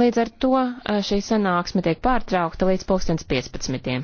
Līdz ar to eh, šī sanāksme tiek pārtraukta līdz 2015.